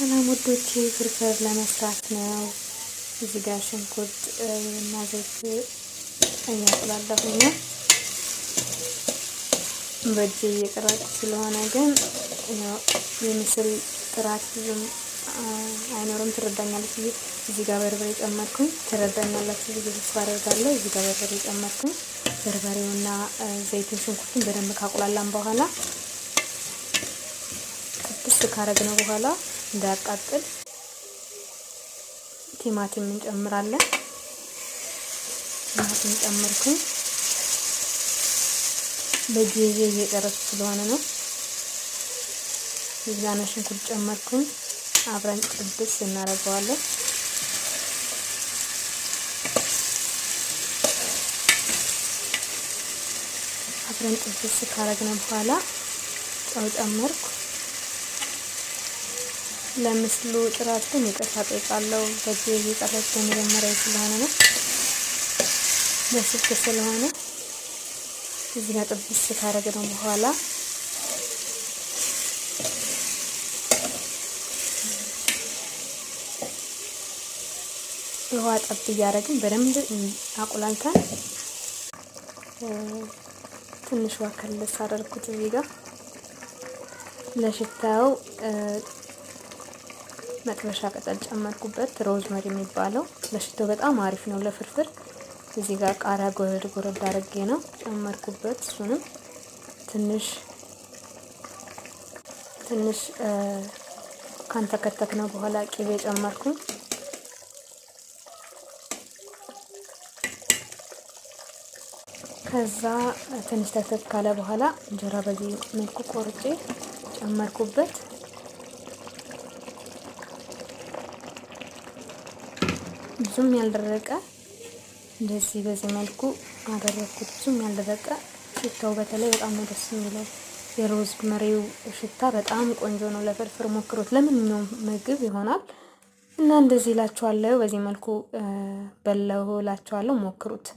ሰላም ውዶቼ፣ ፍርፍር ለመስራት ነው። እዚህ ጋር ሽንኩርት እና ዘይት እያቁላለሁኝ በእጅ እየቀረጽኩ ስለሆነ ግን የምስል ጥራት ብዙም አይኖርም። ትረዳኛለች ብዬ እዚህ ጋር በርበሬ ጨመርኩኝ። ትረዳኛላችሁ ብዬ ተስፋ አደርጋለሁ። እዚህ ጋር በርበሬ ጨመርኩኝ። በርበሬውና ዘይቱን ሽንኩርቱን በደንብ ካቁላላም በኋላ ክብስ ካረግነው በኋላ እንዳያቃጥል ቲማቲም እንጨምራለን። ቲማቲም ጨምርኩኝ። በጊዜ እየጨረስኩ ስለሆነ ነው። የዛና ሽንኩርት ጨመርኩኝ። አብረን ጥብስ እናደርገዋለን። አብረን ጥብስ ካረግነው በኋላ ጨው ጨመርኩ። ለምስሉ ጥራት ግን ይቅርታ ጠይቃለሁ። በዚህ የቀረጽ በመጀመሪያ ስለሆነ ነው በስልክ ስለሆነ እዚህ ጋር ጥብስ ካደረግነው በኋላ ውሃ ጠብ እያደረግን በደንብ አቁላልተን ትንሽ ዋከለስ ሳደርኩት እዚህ ጋር ለሽታው መጥበሻ ቅጠል ጨመርኩበት፣ ሮዝመሪ የሚባለው ለሽቶ በጣም አሪፍ ነው ለፍርፍር። እዚህ ጋር ቃሪያ ጎረድ ጎረድ አድርጌ ነው ጨመርኩበት። እሱንም ትንሽ ትንሽ ካንተከተክ ነው በኋላ ቂቤ ጨመርኩኝ። ከዛ ትንሽ ተክተክ ካለ በኋላ እንጀራ በዚህ መልኩ ቆርጬ ጨመርኩበት። ብዙም ያልደረቀ እንደዚህ በዚህ መልኩ አደረኩት። ብዙም ያልደረቀ ሽታው በተለይ በጣም ነው ደስ የሚለው። የሮዝ መሪው ሽታ በጣም ቆንጆ ነው። ለፍርፍር ሞክሮት ለማንኛውም ምግብ ይሆናል እና እንደዚህ እላችኋለሁ። በዚህ መልኩ በላሁ እላችኋለሁ። ሞክሩት።